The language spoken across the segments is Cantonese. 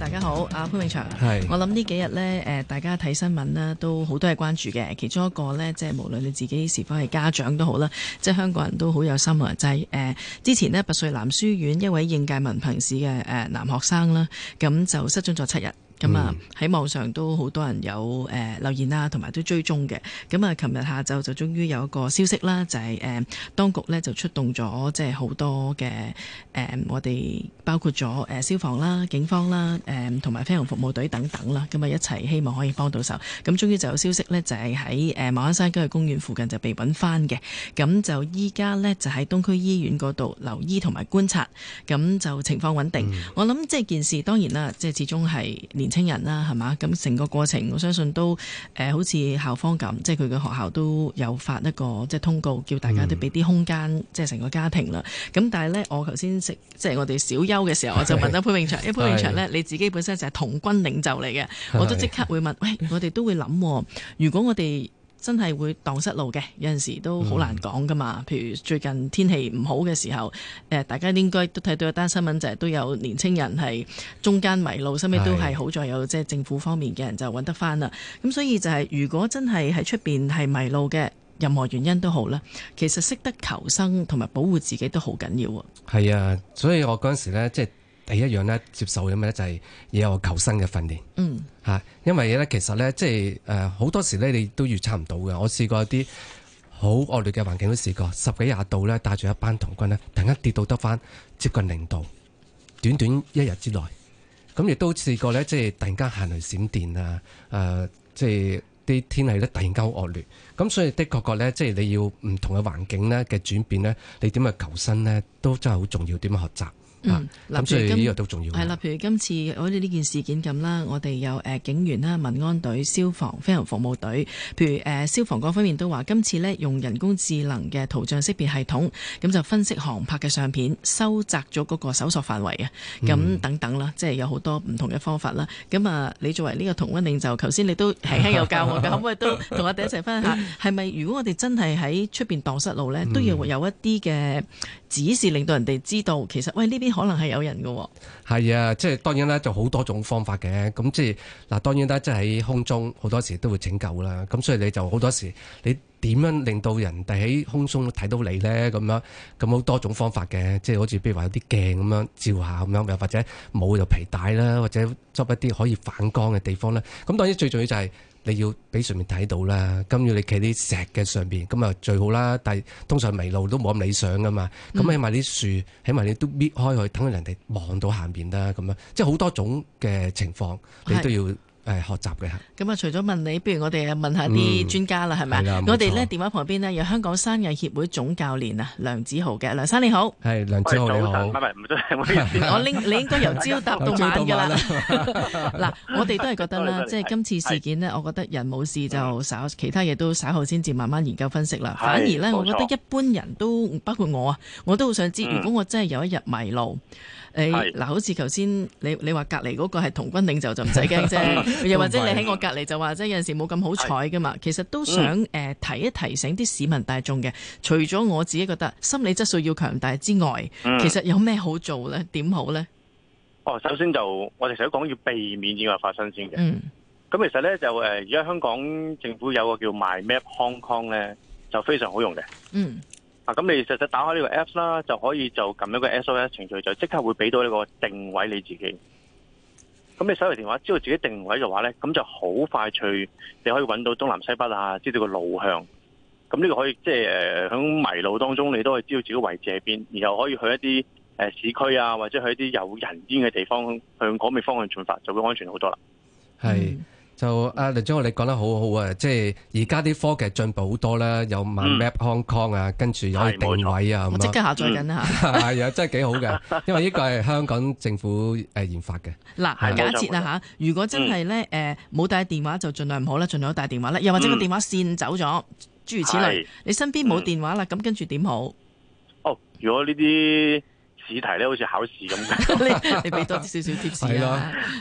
大家好。阿潘永祥，我諗呢幾日咧，誒大家睇新聞咧，都好多係關注嘅。其中一個呢，即係無論你自己是否係家長都好啦，即係香港人都好有心啊，就係、是、誒、呃、之前呢，拔萃男書院一位應屆文憑試嘅誒男學生啦，咁就失蹤咗七日。咁、嗯、啊，喺、嗯、網上都好多人有誒留言啦，同埋都追蹤嘅。咁啊，琴日下晝就終於有一個消息啦，就係、是、誒當局咧就出動咗即係好多嘅誒我哋包括咗誒消防啦、警方啦、誒同埋飛行服務隊等等啦，咁啊一齊希望可以幫到手。咁終於就有消息咧，就係喺誒馬鞍山郊野公園附近就被揾翻嘅。咁就依家咧就喺東區醫院嗰度留醫同埋觀察，咁就情況穩定。嗯、我諗即係件事當然啦，即係始終係。年青人啦，係嘛？咁成個過程，我相信都誒、呃，好似校方咁，即係佢嘅學校都有發一個即係通告，叫大家都俾啲空間，嗯、即係成個家庭啦。咁但係呢，我頭先食即係我哋小休嘅時候，我就問咗潘永祥，因潘永祥呢，你自己本身就係童軍領袖嚟嘅，我都即刻會問，喂、哎，我哋都會諗、哦，如果我哋。真係會蕩失路嘅，有陣時都好難講㗎嘛。譬如最近天氣唔好嘅時候，誒，大家應該都睇到一單新聞就係、是，都有年青人係中間迷路，後尾都係好在有即係政府方面嘅人就搵得返啦。咁所以就係如果真係喺出邊係迷路嘅，任何原因都好啦，其實識得求生同埋保護自己都好緊要。係啊，所以我嗰陣時呢即係。第一樣咧，接受嘅咩咧，就係野外求生嘅訓練。嗯，嚇，因為咧，其實咧，即係誒，好多時咧，你都預測唔到嘅。我試過啲好惡劣嘅環境都試過，十幾廿度咧，帶住一班童軍咧，突然間跌到得翻接近零度，短短一日之內。咁亦都試過咧，即係突然間行雷閃電啊！誒，即係啲天氣咧，突然間好惡劣。咁所以的確確咧，即係你要唔同嘅環境咧嘅轉變咧，你點去求生咧，都真係好重要。點樣學習？嗯，咁譬如、啊嗯、如今次好似呢件事件咁啦，我哋有誒、啊、警員啦、民安隊、消防、飛行服務隊，譬如誒、啊、消防各方面都話，今次咧用人工智能嘅圖像識別系統，咁就分析航拍嘅相片，收窄咗嗰個搜索範圍啊，咁等等啦，嗯、即係有好多唔同嘅方法啦。咁啊，你作為呢個同溫領袖，就頭先你都輕輕有教我嘅，可 唔可以都同我哋一齊分享下？係 咪如果我哋真係喺出邊蕩失路呢，都要有一啲嘅？嗯只是令到人哋知道，其實喂呢邊可能係有人嘅喎、哦。係啊，即係當然啦，就好多種方法嘅。咁即係嗱，當然啦，即係喺空中好多時都會拯救啦。咁所以你就好多時，你點樣令到人哋喺空中睇到你咧？咁樣咁好多種方法嘅，即係好似譬如話有啲鏡咁樣照下，咁樣又或者冇就皮帶啦，或者執一啲可以反光嘅地方咧。咁當然最重要就係。你要俾上面睇到啦，咁要你企啲石嘅上面，咁就最好啦。但通常迷路都冇咁理想㗎嘛，咁、嗯、起碼啲樹，起碼你都搣開去，等人哋望到下面啦。咁樣即係好、就是、多種嘅情況，你都要。誒、哎，學習嘅。咁啊，除咗問你，不如我哋問下啲專家啦，係、嗯、咪？我哋咧電話旁邊呢，有香港山藝協會總教練啊，梁梓浩嘅。梁生你好，係梁梓浩你好。我拎 你，好 你應該由朝答到晚噶 啦。嗱，我哋都係覺得啦， 即係今次事件呢，我覺得人冇事就稍，其他嘢都稍後先至慢慢研究分析啦。反而呢，我覺得一般人都包括我啊，我都好想知、嗯，如果我真係有一日迷路，誒、嗱、欸，好似頭先你你話隔籬嗰個係同軍領袖，就就唔使驚啫。 又或者你喺我隔離就話即係有陣時冇咁好彩噶嘛的，其實都想誒提一提醒啲市民大眾嘅。除咗我自己覺得心理質素要強大之外，嗯、其實有咩好做咧？點好咧？哦，首先就我哋成日講要避免意外發生先嘅。嗯。咁其實咧就誒而家香港政府有個叫 My Map Hong Kong 咧，就非常好用嘅。嗯。啊，咁你實際打開呢個 Apps 啦，就可以就撳一個 SOS 程序，就即刻會俾到呢個定位你自己。咁你手提電話知道自己定位嘅話呢，咁就好快脆，你可以揾到東南西北啊，知道個路向。咁呢個可以即係誒，響迷路當中，你都可以知道自己位置喺邊，然後可以去一啲誒市區啊，或者去一啲有人煙嘅地方，向嗰面方向進發，就會安全好多啦。係。就梁梓浩，你講得好好啊！即係而家啲科技進步好多啦，有 My Map Hong Kong 啊、嗯，跟住有定位啊，我即刻下載緊啊！係、嗯、啊， 真係幾好嘅， 因為呢個係香港政府誒研發嘅。嗱，假設啊吓，如果真係咧誒冇帶電話就盡量唔好啦，盡、嗯、量帶電話啦。又或者個電話線走咗，諸、嗯、如此類，你身邊冇電話啦，咁、嗯、跟住點好？哦，如果呢啲。試題咧，好似考試咁，你俾多啲少少提示。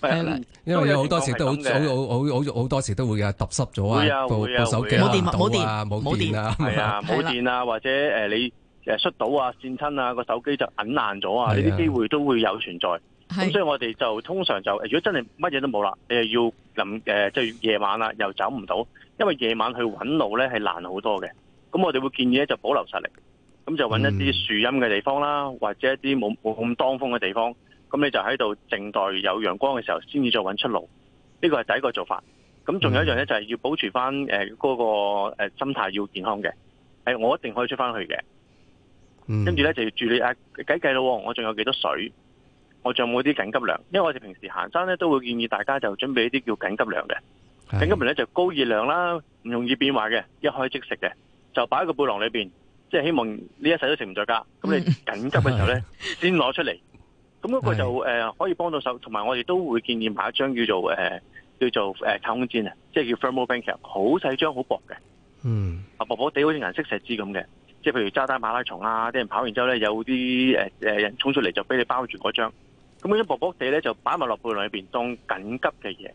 係咯，因為有好多時都好，好，好，好，好多時都會啊，揼濕咗啊，部部手機啊，冇電啊，冇電，冇電啊，冇電啊，或者誒你誒摔到啊，跣親啊，個手機就揼爛咗啊，呢啲機會都會有存在。咁所以我哋就通常就，如果真係乜嘢都冇啦，你又要臨誒即係夜晚啦，又走唔到，因為夜晚去揾路咧係難好多嘅。咁我哋會建議咧就保留實力。咁就揾一啲樹蔭嘅地方啦，嗯、或者一啲冇冇咁當風嘅地方，咁你就喺度靜待有陽光嘅時候，先至再揾出路。呢個係第一個做法。咁仲有一樣咧、嗯，就係、是、要保持翻誒嗰個心態要健康嘅。誒、欸，我一定可以出翻去嘅。跟住咧就要注意啊，計計咯，我仲有幾多水？我仲有冇啲緊急糧？因為我哋平時行山咧，都會建議大家就準備一啲叫緊急糧嘅緊急糧咧，就高熱量啦，唔容易變壞嘅，一開即食嘅，就擺喺個背囊裏面。即係希望呢一世都食唔着噶，咁你緊急嘅時候咧， 先攞出嚟。咁嗰個就誒、 呃、可以幫到手，同埋我哋都會建議買一張叫做誒、呃、叫做誒、呃、太空氈啊，即係叫 f h r m a l b a n k e t 好細張好薄嘅，嗯，啊薄薄地好似銀色石紙咁嘅，即係譬如揸單馬拉松啊，啲人跑完之後咧有啲誒誒人衝出嚟就俾你包住嗰張，咁嗰張薄薄地咧就擺埋落配袋裏邊當緊急嘅嘢。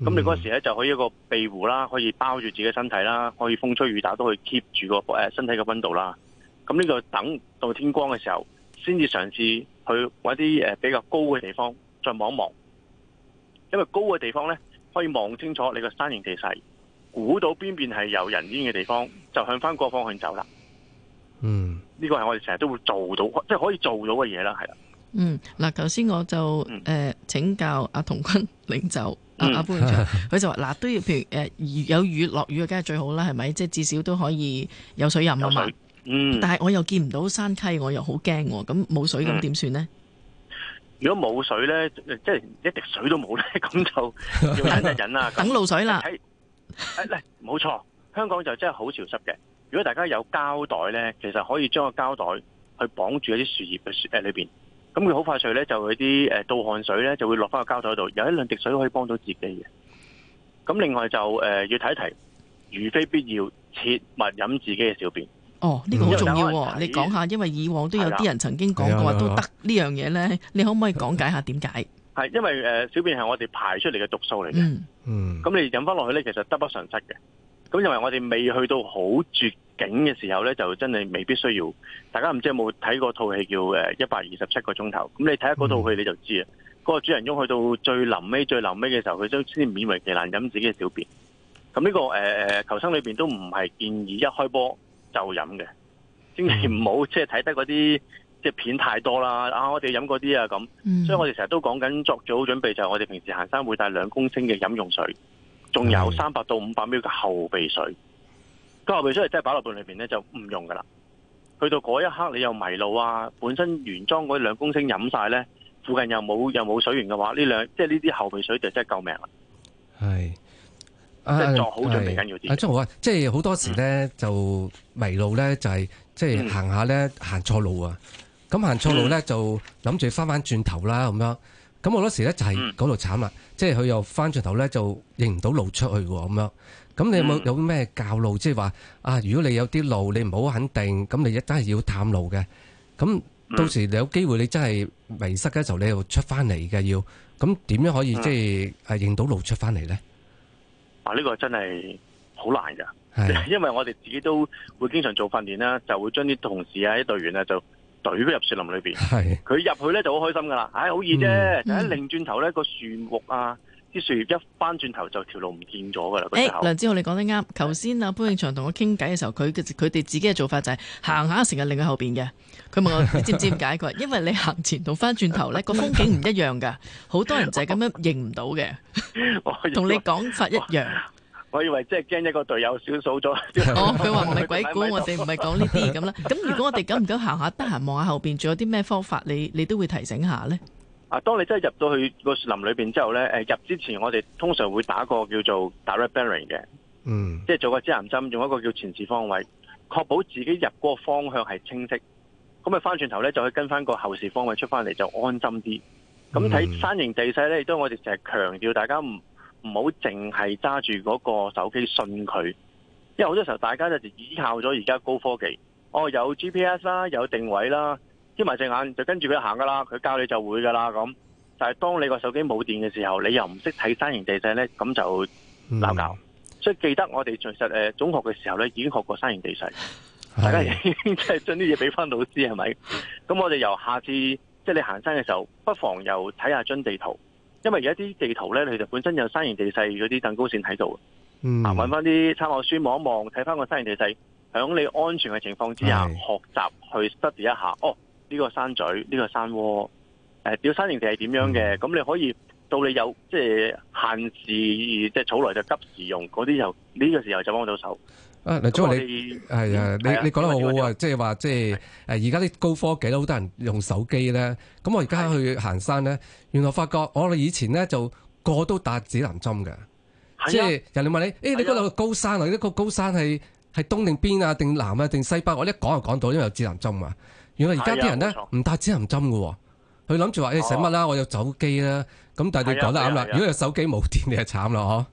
咁、嗯、你嗰時咧就可以一個庇護啦，可以包住自己身體啦，可以風吹雨打都可以 keep 住個身體嘅温度啦。咁呢個等到天光嘅時候，先至嘗試去揾啲比較高嘅地方再望一望，因為高嘅地方咧可以望清楚你個山形地勢，估到邊邊係有人煙嘅地方，就向翻嗰方向走啦。嗯，呢、這個係我哋成日都會做到，即、就、係、是、可以做到嘅嘢啦，係啦。嗯，嗱，頭先我就誒、嗯呃、請教阿童君領袖阿阿潘長，佢、嗯啊嗯、就話嗱、呃、都要譬如、呃、有雨落雨嘅梗係最好啦，係咪？即係至少都可以有水飲啊嘛。嗯，但係我又見唔到山溪，我又好驚喎。咁冇水咁點算呢？如果冇水咧，即係一滴水都冇咧，咁就要忍一忍啦。 等露水啦。係、哎，係、哎，嗱，冇錯，香港就真係好潮濕嘅。如果大家有膠袋咧，其實可以將個膠袋去綁住啲樹葉嘅樹誒裏邊。咁佢好快速咧，就嗰啲誒倒汗水咧，就會落翻個膠袋度，有一兩滴水可以幫到自己嘅。咁另外就誒要睇一睇，如非必要，切勿飲自己嘅小便。哦，呢個好重要，你講下，因為以往都有啲人曾經講過都得呢樣嘢咧，你可唔可以講解下點解？係因為誒小便係我哋排出嚟嘅毒素嚟嘅，嗯，咁你飲翻落去咧，其實得不償失嘅。咁因為我哋未去到好絕景嘅時候咧，就真係未必需要。大家唔知有冇睇過套戲叫《誒一百二十七個鐘頭》。咁你睇下嗰套戲你就知啦。嗰、嗯，那個主人翁去到最臨尾、最臨尾嘅時候，佢都先勉為其難飲自己嘅小便。咁呢、這個誒誒、呃、求生裏邊都唔係建議一開波就飲嘅，千祈唔好即係睇得嗰啲即係片太多啦。啊，我哋飲嗰啲啊咁、嗯。所以我，我哋成日都講緊作早準備，就係我哋平時行山會帶兩公升嘅飲用水，仲有三百到五百毫升嘅後備水。個後備水係真係擺落到裏邊咧就唔用噶啦，去到嗰一刻你又迷路啊，本身原裝嗰兩公升飲晒咧，附近又冇又冇水源嘅話，呢兩即係呢啲後備水就真係救命啦。係、啊，即係做好準備緊要啲。阿梓浩啊，即係好多時咧就迷路咧就係即係行下咧行錯路啊，咁、嗯、行錯路咧就諗住翻翻轉頭啦咁、嗯、樣。咁好多時咧就係嗰度慘啦，即係佢又翻轉頭咧就認唔到路出去喎，咁樣。咁你有冇有咩教路？即係話啊，如果你有啲路，你唔好肯定，咁你一真係要探路嘅。咁到時你有機會，你真係迷失嘅時候，你又出翻嚟嘅要。咁點樣可以即係誒認到路出翻嚟咧？啊，呢個真係好難噶，係，因為我哋自己都會經常做訓練啦，就會將啲同事啊、啲隊員啊就。水都入森林裏邊，佢入去咧就好開心噶啦，唉好易啫，一擰轉頭咧個樹木啊，啲樹葉一翻轉頭就條路唔見咗噶啦。誒，梁梓浩你講得啱，頭先阿潘永祥同我傾偈嘅時候，佢佢哋自己嘅做法就係行下成日擰喺後邊嘅，佢問我你知唔知點解？佢話因為你行前同翻轉頭咧個風景唔一樣噶，好多人就係咁樣認唔到嘅，同你講法一樣。我以為即係驚一個隊友少數咗。 哦，佢話唔係鬼故， 我哋唔係講呢啲咁啦。咁 如果我哋咁唔咁行下，得閒望下後邊，仲有啲咩方法，你你都會提醒下咧？啊，當你真係入到去個樹林裏邊之後咧，誒、呃，入之前我哋通常會打個叫做 direct bearing 嘅，嗯，即係做個指南針，用一個叫前置方位，確保自己入嗰個方向係清晰。咁咪翻轉頭咧，就可以跟翻個後視方位出翻嚟，就安心啲。咁睇山形地勢咧，亦都我哋成日強調大家唔唔好淨係揸住嗰個手機信佢，因為好多時候大家就倚靠咗而家高科技，哦，有 GPS 啦，有定位啦，開埋隻眼就跟住佢行㗎啦，佢教你就會㗎啦咁。但係當你個手機冇電嘅時候，你又唔識睇山形地勢咧，咁就鬧交。Mm. 所以記得我哋其實誒中、呃、學嘅時候咧已經學過山形地勢， 大家已經即係將啲嘢俾翻老師係咪？咁我哋由下次即係你行山嘅時候，不妨又睇下張地圖。因為而家啲地圖咧，佢就本身有山形地勢嗰啲等高線喺度，啊、嗯，揾翻啲參考書望一望，睇翻個山形地勢，響你安全嘅情況之下學習，學習去 study 一下，哦，呢、這個山嘴，呢、這個山窩，誒、呃，啲山形地係點樣嘅，咁、嗯、你可以到你有即係限時，即係草來就急時用，嗰啲就呢、這個時候就幫到手。啊，梁總你係啊？你啊你講得好好啊！即係話，即係誒，而家啲高科技咧，好多人用手機咧。咁我而家去行山咧、啊，原來發覺我哋以前咧就個都搭指南針嘅、啊，即係人哋問你，誒、啊欸、你嗰度高山啊？呢個高山係係東定邊啊？定南啊？定西北？我一講就講到，因為有指南針嘛。原來而家啲人咧唔帶指南針嘅喎，佢諗住話誒使乜啦？我有手機啦、啊。咁、啊、但係你講得啱啦、啊啊，如果有手機冇電，你就慘啦。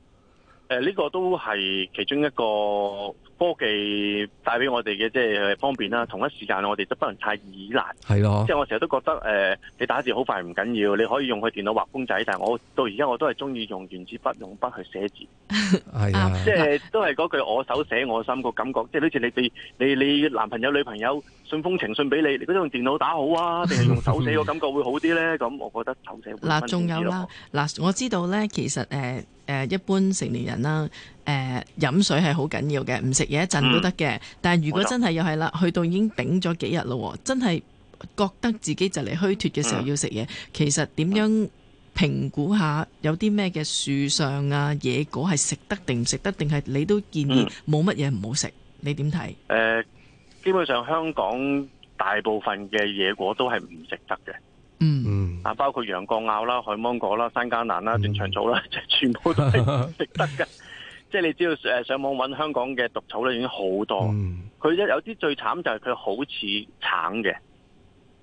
誒、呃，呢，這個都係其中一個科技帶俾我哋嘅，即係方便啦。同一時間我哋都不能太依賴，係咯。即係我成日都覺得誒、呃，你打字好快唔緊要，你可以用佢電腦畫公仔。但係我到而家我都係中意用原子筆用筆去寫字，係 即係、 啊、都係嗰句我手寫我心個感覺。即係好似你你你，你男朋友女朋友信封情信俾你，你都用電腦打好啊，定係用手寫個感覺會好啲咧？咁 我覺得手寫嗱仲有啦，嗱、啊、我知道咧，其實誒。呃誒、呃，一般成年人啦，誒、呃，飲水係好緊要嘅，唔食嘢一陣都得嘅、嗯。但係如果真係又係啦，去到已經頂咗幾日咯，真係覺得自己就嚟虛脱嘅時候要食嘢、嗯。其實點樣評估下有啲咩嘅樹上啊野果係食得定唔食得？定係你都建議冇乜嘢唔好食、嗯？你點睇？誒、呃，基本上香港大部分嘅野果都係唔食得嘅。嗯嗯，啊包括羊角拗啦、海芒果啦、山菅蘭啦、斷、嗯、腸草啦，即係全部都係唔食得噶。 即係你知道誒，上網搵香港嘅毒草咧，已經好多。佢、嗯、咧有啲最慘就係佢好似橙嘅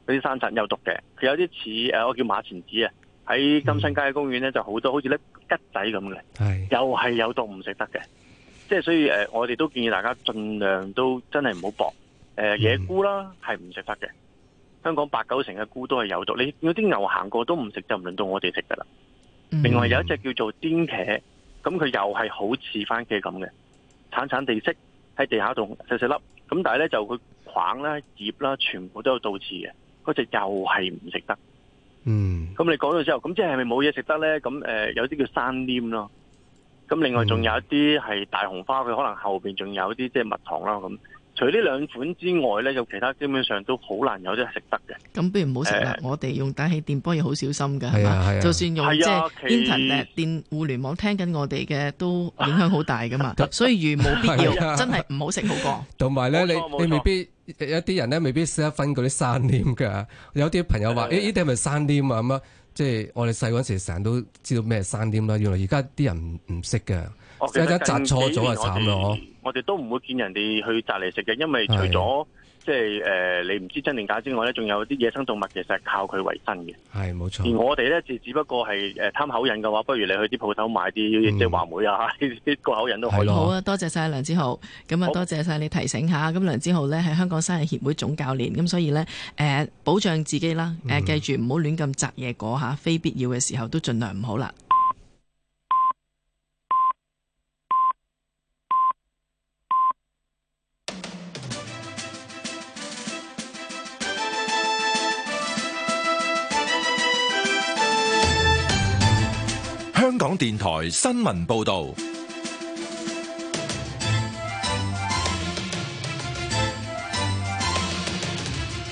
嗰啲山疹有毒嘅，佢有啲似誒我叫馬錢子啊，喺金新街公園咧就好多，好似粒桔仔咁嘅、嗯，又係有毒唔食得嘅。即係所以誒，我哋都建議大家盡量都真係唔好搏誒、呃、野菇啦，係唔食得嘅。香港八九成嘅菇都係有毒，你嗰啲牛行過都唔食，就唔輪到我哋食噶啦。另外有一隻叫做癲茄，咁佢又係好似番茄咁嘅，橙橙地色喺地下度細細粒，咁但係咧就佢棒啦、葉啦、啊，全部都有倒刺嘅，嗰隻又係唔食得。嗯，咁你講到之後，咁即係咪冇嘢食得咧？咁誒、呃，有啲叫山稔咯，咁另外仲有一啲係大紅花，佢可能後邊仲有啲即係蜜糖啦咁。除呢兩款之外咧，有其他基本上都好難有啲食得嘅。咁不如唔好食啦。我哋用打氣電波要好小心嘅，係嘛？就算用即係 Internet 電互聯網聽緊我哋嘅都影響好大噶嘛。所以如冇必要，真係唔好食好過。同埋咧，你你未必有啲人咧未必識得分嗰啲山稔嘅。有啲朋友話，誒呢啲係咪山稔啊？咁啊，即係我哋細嗰陣時成日都知道咩係山稔啦。原來而家啲人唔唔識嘅，一間摘錯咗就慘啦！呵。我哋都唔會見人哋去摘嚟食嘅，因為除咗即係誒，你唔知真定假之外咧，仲有啲野生動物其實係靠佢為生嘅。係冇錯。而我哋咧，就只不過係誒貪口癮嘅話，不如你去啲鋪頭買啲、嗯、即係話梅啊，啲個口癮都可以。好啊，多謝晒梁梓浩。咁、嗯、啊，多謝晒你提醒一下。咁梁梓浩咧係香港山藝協會總教練，咁所以咧誒、呃、保障自己啦，誒、呃嗯、記住唔好亂咁摘嘢果下，非必要嘅時候都盡量唔好啦。電台新聞報道。